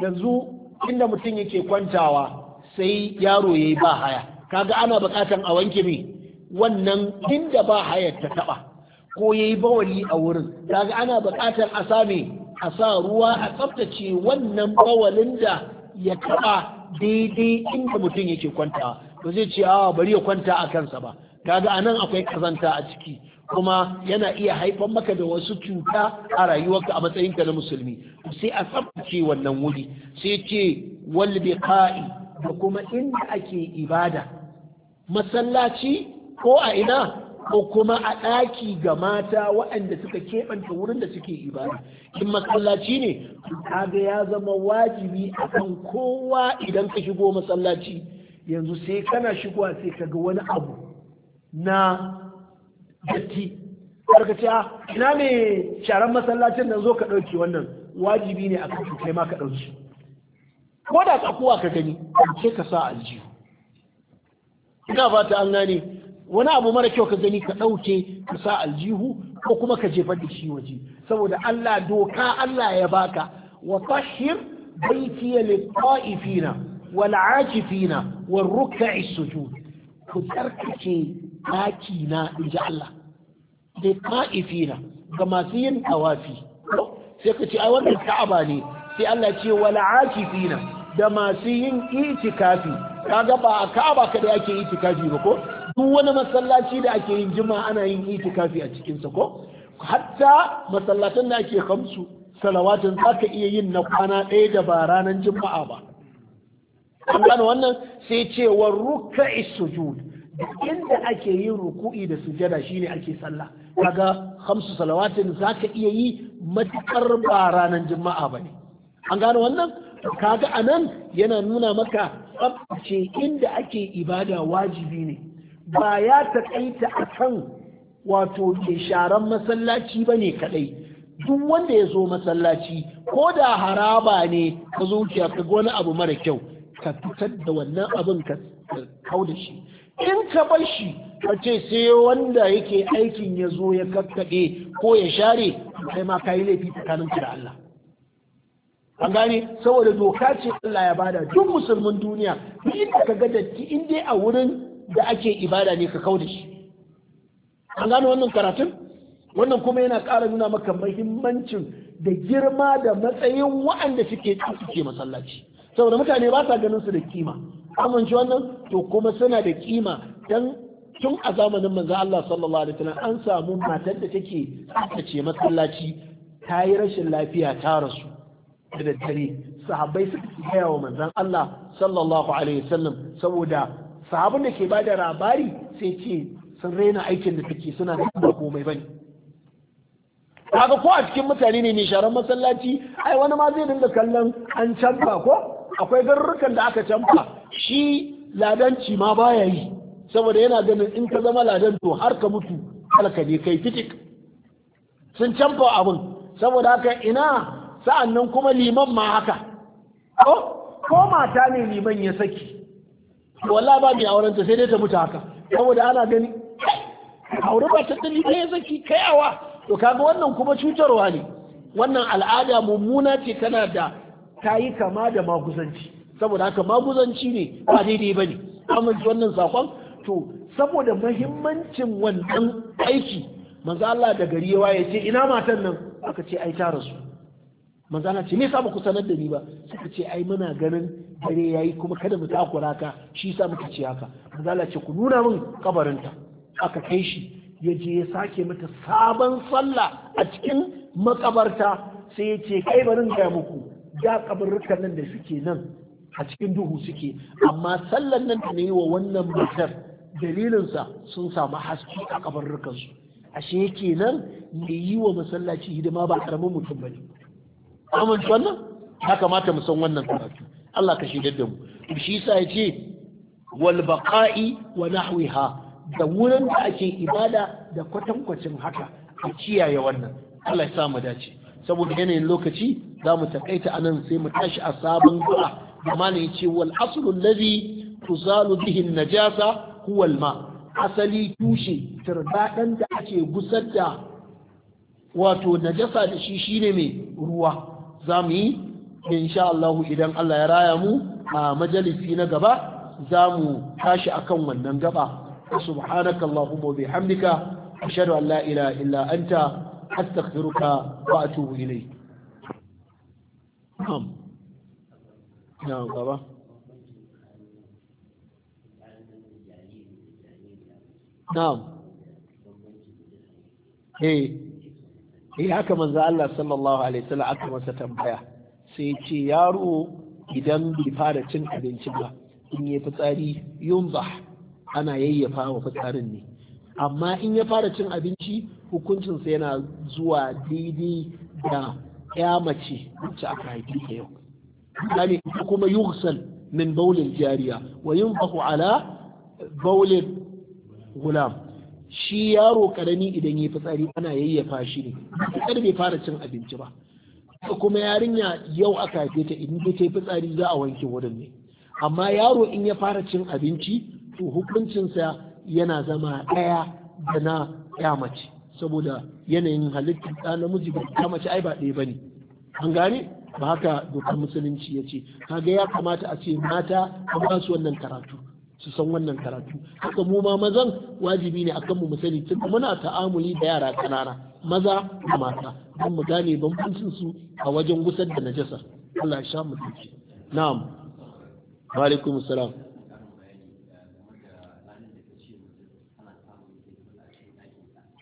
[SPEAKER 1] yanzu inda mutum yake kwantawa sai yaro yayi ba haya kaga ana bukatan a wanke mai wannan inda ba hayar ta taɓa ko ya yi bawali a wurin daga ana buƙatar a same a sa ruwa a tsaftace wannan bawalin da ya taɓa daidai inda mutum yake kwantawa ba zai ce awa bari ya kwanta a kansa ba kaga anan akwai kazanta a ciki kuma yana iya haifar maka da wasu cuta a rayuwarka a matsayinka na musulmi sai a tsaftace wannan wuri sai ce wal ka'i da kuma inda ake ibada masallaci ko a ina ko kuma a ɗaki ga mata waɗanda suka keɓanta wurin da suke ibada in masallaci ne kaga ya zama wajibi a kan kowa idan ka shigo masallaci yanzu sai kana shigowa sai ka wani abu na datti ka ce ah, ina ne sharan masallacin nan zo ka ɗauki wannan wajibi ne a kan kai ma ka ɗauki ko da tsakuwa ka gani ce ka sa aljihu ina fata an gane wani abu mara kyau ka gani ka ɗauke ka sa aljihu ko kuma ka jefar da shi waje saboda Allah doka Allah ya baka wa tahhir baitiya lit-ta'ifina wal-aakifina war-ruk'i sujud ku tsarkake daki na inji Allah da ta'ifina ga masu yin tawafi sai ka ce ai wannan Ka'aba ne sai Allah ce wal-aakifina da masu yin itikafi kaga ba Ka'aba da yake itikafi ba ko duk wani masallaci da ake yin jima ana yin itikafi a cikinsa ko hatta masallatan da ake kamsu salawatin za ka iya yin na kwana ɗaya da ba ranar juma'a ba an gano wannan sai cewar ruka sujud inda ake yin ruku'i da sujada shine ake sallah kaga hamsu salawatin za ka iya yi matuƙar ba ranar juma'a ba ne an gano wannan kaga anan yana nuna maka tsabtace inda ake ibada wajibi ne ba ya taƙaita a kan wato ke sharan masallaci ba ne kaɗai duk wanda ya zo masallaci ko da haraba ne ka zuciya ka wani abu mara kyau ka fitar da wannan abin ka kau da shi in ka bar shi ka ce sai wanda yake aikin ya zo ya kakkaɗe ko ya share kai ma ka yi laifi tsakanin da Allah an gane saboda doka ce Allah ya bada duk musulmin duniya ni ka ga datti in dai a wurin da ake ibada ne ka kauda shi an gano wannan karatun wannan kuma yana ƙara nuna maka mahimmancin da girma da matsayin wa'anda suke tsaftace masallaci saboda mutane ba sa ganin su da kima amince wannan to kuma suna da kima dan tun a zamanin manzo Allah sallallahu alaihi wasallam an samu matar da take tsaftace masallaci ta yi rashin lafiya ta rasu da daddare sahabbai suka gaya wa manzon Allah sallallahu alaihi wasallam saboda sahabin da ke ba da labari sai ce sun raina aikin da take suna da komai bane kaga ko a cikin mutane ne ne sharan masallaci ai wani ma zai dinga kallon an canfa ko akwai garurrukan da aka canfa shi ladanci ma baya yi saboda yana ganin in ka zama ladan to har ka mutu halaka ne kai fitik sun canfa abin saboda haka ina sa'annan kuma liman ma haka ko mata ne liman ya saki wala ba mai auren ta sai dai ta mutu haka saboda ana gani aure ba ta dani ɗaya zaki kayawa to kaga wannan kuma cutarwa ne wannan al'ada mummuna ce tana da ta yi kama da maguzanci saboda haka maguzanci ne ba daidai ba ne amince wannan sakon to saboda mahimmancin wannan aiki manzo Allah da gari yawa ya ce ina matan nan aka ce ai ta rasu manzo Allah ce me yasa ba ku sanar da ni ba suka ce ai muna ganin dare yi kuma kada mu takura ka shi sa muka ci haka mu ce ku nuna min kabarinta aka kai shi ya je ya sake mata sabon sallah a cikin makabarta sai ya ce kai barin ga muku da kabarrukan nan da suke nan a cikin duhu suke amma sallan nan da ne wa wannan matar dalilinsa sun samu haske a kabarrukansu ashe yake nan ne yi wa masallaci hidima ba karamin mutum bane amince wannan ya kamata mu san wannan karatu Allah ka shirya da mu shi yasa ya ce wal baqa'i wa nahwiha da wurin da ake ibada da kwatankwacin haka a kiyaye wannan Allah ya sa mu dace saboda yanayin lokaci za mu takaita anan sai mu tashi a sabon gura amma ne ce wal aslu allazi tuzalu bihi najasa huwa asali tushe tirdadan da ake gusar da wato najasa da shi shine mai ruwa za mu yi insha allahu idan Allah ya raya mu a majalisi na gaba za mu tashi akan wannan gaba subhanaka allahumma bihamdika ashhadu an la ilaha illa anta astaghfiruka wa atubu ilayk na'am eh. eh haka manzo Allah sallallahu alaihi wasallam aka masa tambaya sai ce yaro idan bai fara cin abinci ba in ya fitsari yunza ana yayyafa wa fitsarin ne amma in ya fara cin abinci hukuncinsa yana zuwa daidai da ya mace wacce aka haifi ta yau yani kuma yughsal min baulin jariya wa yunfahu ala baulin gulam shi yaro karami idan ya fitsari ana yayyafa shi ne kada bai fara cin abinci ba kuma yarinya yau aka haife ta idan ta yi fitsari za a wanke wurin ne amma yaro in ya fara cin abinci to hukuncinsa yana zama ɗaya da na ya mace saboda yanayin halittar ɗa namiji ba ta mace ai ba ɗaya ba ne an gane ba haka dokar musulunci ya ce kaga ya kamata a ce mata an ba wannan karatu su san wannan karatu haka mu ma mazan wajibi ne akan mu mu sani tun muna ta'amuli da yara kanana maza da mata don mu gane bambancin su a wajen gusar da najasa Allah sha mu dace na'am wa alaikum salam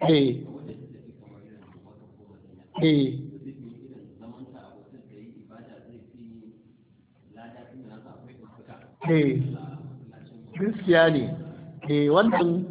[SPEAKER 1] eh eh Hey. Eh. gaskiya ne eh wannan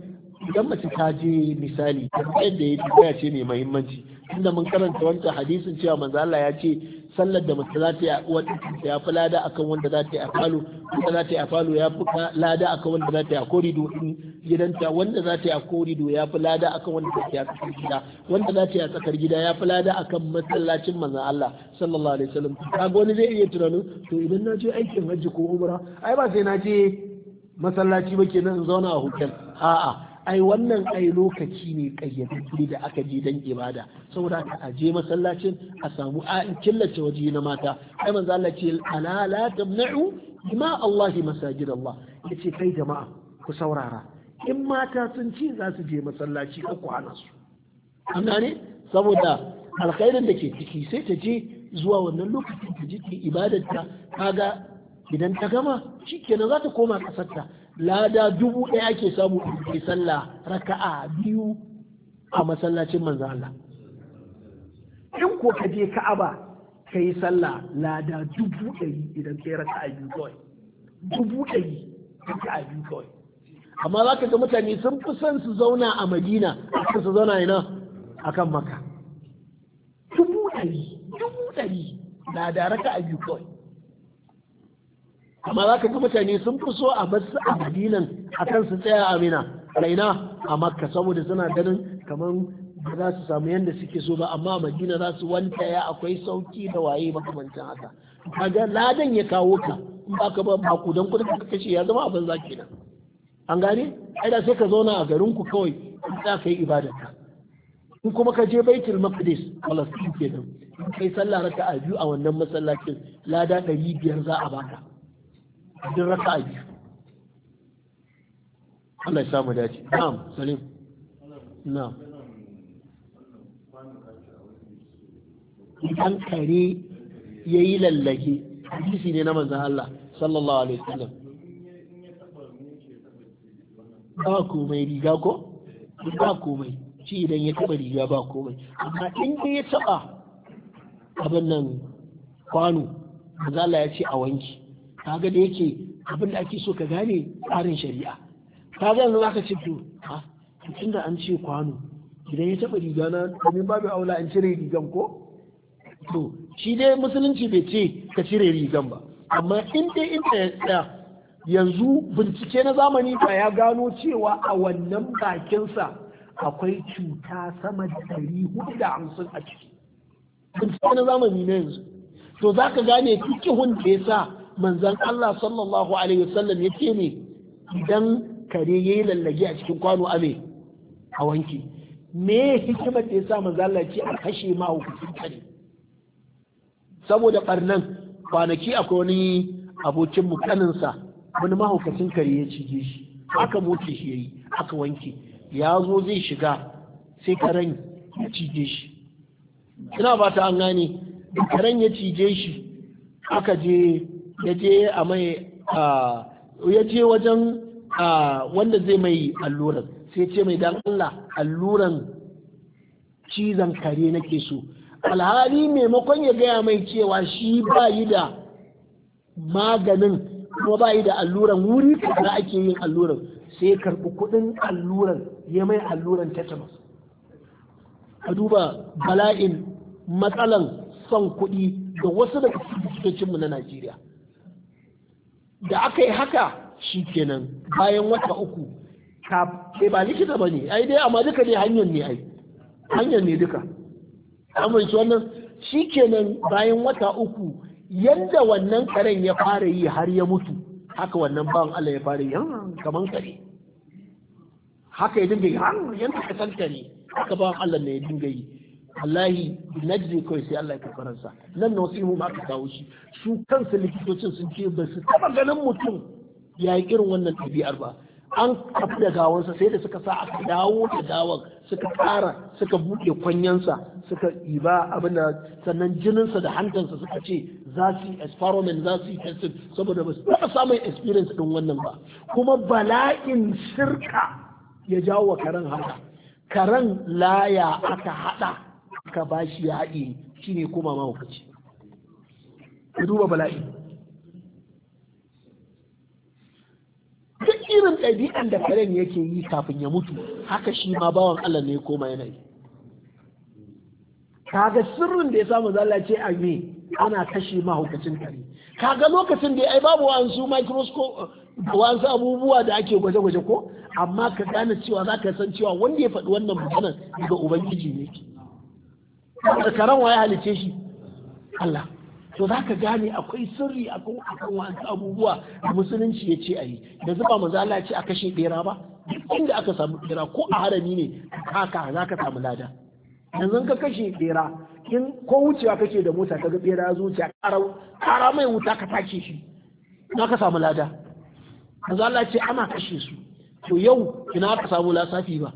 [SPEAKER 1] idan mace ta je misali yadda ya tambaya ce mai mahimmanci inda mun karanta wancan hadisin cewa manzo Allah ya ce sallar da mace za ta yi wanda ya fi lada akan wanda za ta yi a falo wanda za ta yi a falo ya fi lada akan wanda za ta yi a korido din gidanta wanda za ta yi a korido ya fi lada akan wanda za ta yi a tsakar gida wanda za ta yi a tsakar gida ya fi lada akan masallacin manzo Allah sallallahu alaihi wasallam kaga wani zai iya tunanin to idan na je aikin hajji ko umra ai ba sai na je masallaci ba ke nan zauna a hotel a'a ai wannan ai lokaci ne kayyadadde da aka je dan ibada saboda ka a je masallacin a samu a killace waje na mata ai manzo Allah ce ala la tamna'u bima Allah masajid Allah yace kai jama'a ku saurara in mata sun ci za su je masallaci ka ku hana su an saboda alkhairin da ke ciki sai ta je zuwa wannan lokacin ta jiki ki ibadarta kaga idan ta gama shi kenan za ta koma kasarta. lada dubu ɗaya ake samu ke sallah raka'a biyu a masallacin manzo Allah in ko ka je Ka'aba ka yi sallah lada dubu ɗari idan ka yi raka'a biyu kawai dubu ɗari raka'a biyu kawai amma za ka ga mutane sun fi son su zauna a Madina akan su zauna ina kan maka. dubu ɗari dubu ɗari lada raka'a biyu kawai amma za ka ga mutane sun fi so a basu a madinan a kan su tsaya a mina raina a makka saboda suna ganin kamar ba za su samu yadda suke so ba amma a madina za su wanta ya akwai sauki da waye makamancin haka kaga ladan ya kawo ka in ba ka ba maku don kudin ka kashe ya zama abin zaki kenan an gane ai da sai ka zauna a garin ku kawai in za ka yi ibadarka in kuma ka je baitul maqdis falastin kenan in kai sallah raka'a biyu a wannan masallacin lada ɗari biyar za a baka a raka a yi Allah ya samu dace na'am salim na'am idan kare yi lallake hadisi ne na manzan Allah sallallahu alaihi wasallam ba komai riga ko ba komai shi idan ya taba riga ba komai amma in dai ya taba abin nan kwano manzo Allah ya ce a wanki kaga da yake abin da ake so ka gane tsarin shari'a ga yanzu zaka ce to ha tun da an ce kwano idan ya taba riga na domin babu aula an cire rigan ko to shi dai musulunci bai ce ka cire rigan ba amma in dai inda ya yanzu bincike na zamani ba ya gano cewa a wannan bakinsa akwai cuta sama da ɗari hudu da hamsin a ciki bincike na zamani na yanzu to za ka gane cikin da ya sa manzan Allah sallallahu alaihi wasallam ya ce ne idan kare ya yi lallage a cikin kwano ame a wanke me hikimar da yasa manzan Allah ce a kashe ma kare saboda ɓarnan kwanaki akwai wani abokin mukaninsa wani mahaukacin kare ya cije shi aka mutu shi yayi aka wanke ya zo zai shiga sai karen ya cije shi ina ba ta an gane karen ya cije shi aka je ya je a mai ya je wajen wanda zai mai alluran sai ce mai dan Allah alluran cizon kare nake so alhali maimakon ya gaya mai cewa shi ba yi da maganin kuma ba yi da alluran wuri da ake yin alluran sai ya karɓi kuɗin alluran ya mai alluran tetanus a duba bala'in matsalan son kuɗi da wasu daga cikin na Najeriya. da aka yi haka shi kenan bayan wata uku ka ba likita ba ne ai dai amma duka ne hanyar ne ai hanyar ne duka amince wannan shi kenan bayan wata uku yadda wannan karen ya fara yi har ya mutu haka wannan bawan Allah ya fara yi kamar kare haka ya dinga yi har yanta ka kare haka bawan Allah ne ya dinga yi wallahi najzi kawai sai Allah ya sa nan na wasu imamu aka kawo shi su kansa likitocin sun ce ba su taba ganin mutum ya yi irin wannan ɗabi'ar ba an kafa da gawansa sai da suka sa aka dawo da gawan suka ƙara suka buɗe kwanyansa suka iba abin da sannan jininsa da hantansa suka ce za su yi experiment za su yi testing saboda ba su taɓa samun experience ɗin wannan ba kuma bala'in shirka ya jawo wa karen haka karen laya aka haɗa aka bashi ya haɗe shi ne koma mahaukaci ka duba bala'i duk irin ɗabi'an da karen yake yi kafin ya mutu haka shi ma bawan Allah ne koma yana yi kaga sirrin da ya samu zalla ce a me ana kashe mahaukacin kare kaga lokacin da ya ai babu su microscope su abubuwa da ake gwaje-gwaje ko amma ka gane cewa za ka san cewa wanda ya faɗi wannan maganar daga ubangiji ne
[SPEAKER 2] da karan halice
[SPEAKER 1] shi Allah to za ka gane akwai sirri akan akan wasu abubuwa da musulunci ya ce a yi da zuba maza Allah a kashe ɗera ba duk inda aka samu ɗera, ko a harami ne haka za ka samu lada yanzu ka kashe ɗera, in ko wucewa kake da mota ka ga bera zuciya kara mai wuta ka take shi Za ka samu lada yanzu Allah ce ana kashe su to yau ina ka samu lasafi ba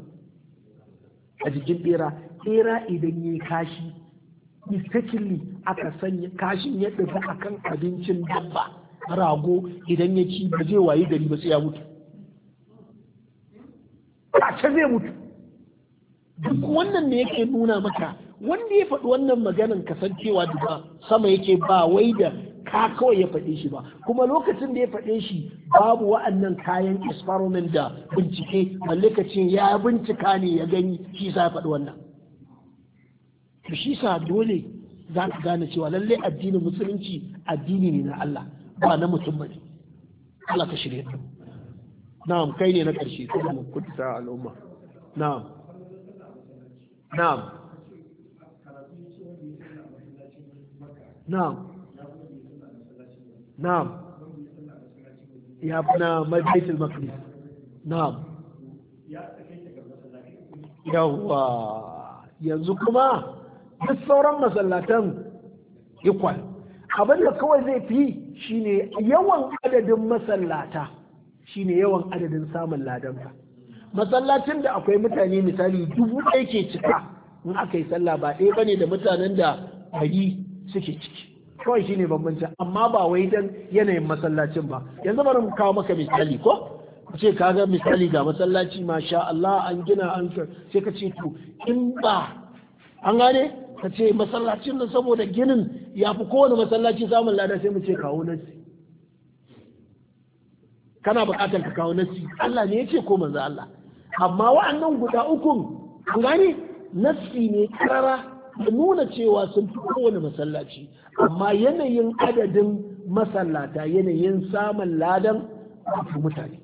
[SPEAKER 1] a jikin ɓera bera idan ya kashi mistakenly aka sanya kashin ya a akan abincin dabba rago idan ya ci ba zai wayi gari ba sai ya mutu ce zai mutu duk wannan ne yake nuna maka wanda ya faɗi wannan maganan kasancewa daga sama yake ba wai da ka kawai ya faɗe shi ba kuma lokacin da ya faɗe shi babu wa'annan kayan experiment da bincike balle ce ya bincika ne ya gani shi sa ya faɗi wannan to shi sa dole za ka gane cewa lalle addinin musulunci addini ne na Allah ba na mutum bane Allah ka shirye ta na'am kai ne na karshe kuma mu kudta al'umma na'am na'am na'am na'am ya na majalisar maqdis na'am yawwa yanzu kuma duk sauran masallatan ikwal, abin da kawai zai fi shine yawan adadin masallata shine yawan adadin samun ladanka masallacin da akwai mutane misali dubu ɗaya ke cika in aka yi sallah ba ɗaya bane da mutanen da hari suke ciki kawai shine bambanci amma ba wai dan yanayin masallacin ba yanzu bari mu kawo maka misali ko ce ka ga misali ga masallaci masha Allah an gina an sai ka ce to in ba an gane ka ce masallacin nan saboda ginin ya fi kowane masallaci samun lada sai mu ce kawo nasi kana buƙatar ka kawo nasi Allah ne ya ce ko manzo Allah amma wa'annan guda ukun an gane nasi ne karara da nuna cewa sun fi kowane masallaci amma yanayin adadin masallata yanayin samun ladan mutane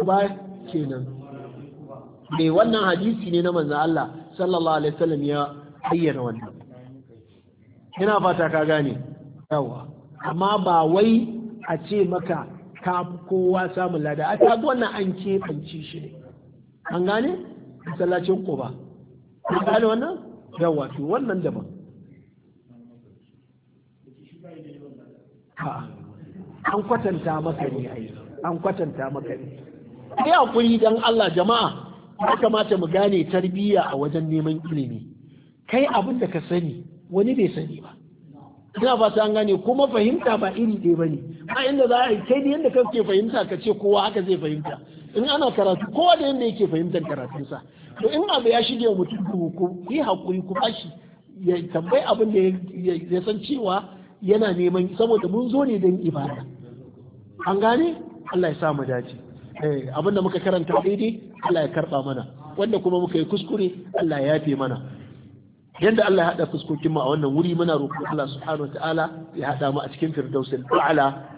[SPEAKER 1] uba kenan mai wannan hadisi ne na manzan Allah sallallahu alaihi wasallam ya ayyana wannan ina fata ka gane yawa amma ba wai a ce maka ka kowa samun lada a ta wannan an keɓance shi ne an gane masallacin ƙuba an gane wannan yawa to wannan daban an kwatanta maka ne ai an kwatanta maka ne ai hakuri dan Allah jama'a ya kamata mu gane tarbiyya a wajen neman ilimi kai abin da ka sani wani bai sani ba ina fata an gane kuma fahimta ba iri ɗaya bane a inda za a kai da yadda kake fahimta ka ce kowa haka zai fahimta in ana karatu kowa da yadda yake fahimtar sa. to in abu ya shige wa mutum duhu ku yi hakuri ku bashi ya tambayi abin da ya san cewa yana neman saboda mun zo ne don ibada an gane Allah ya sa mu dace Eh, abinda muka karanta daidai Allah ya karba mana wanda kuma muka yi kuskure Allah ya yafe mana yadda Allah ya haɗa fuskokin mu a wannan wuri muna roƙon Allah subhanahu wataala ya hada mu a cikin firdausil a'la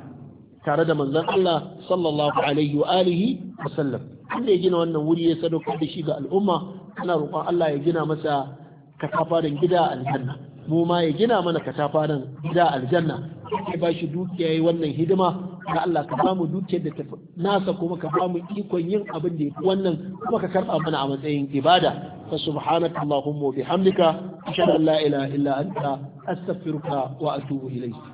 [SPEAKER 1] tare da manzon Allah sallallahu alaihi wa alihi wa sallam inda ya gina wannan wuri ya sadaukar da shi ga al'umma ana roƙon Allah ya gina masa katafaren gida aljanna mu ma ya gina mana katafaren gida aljanna ya ba shi dukiya yi wannan hidima ga Allah ka ba mu dukiyar da tafi nasa kuma ka ba mu ikon yin abin da wannan kuma ka karɓa mana a matsayin ibada fa subhanaka allahumma wa bihamdika ashhadu an la ilaha illa anta astaghfiruka wa atubu ilayk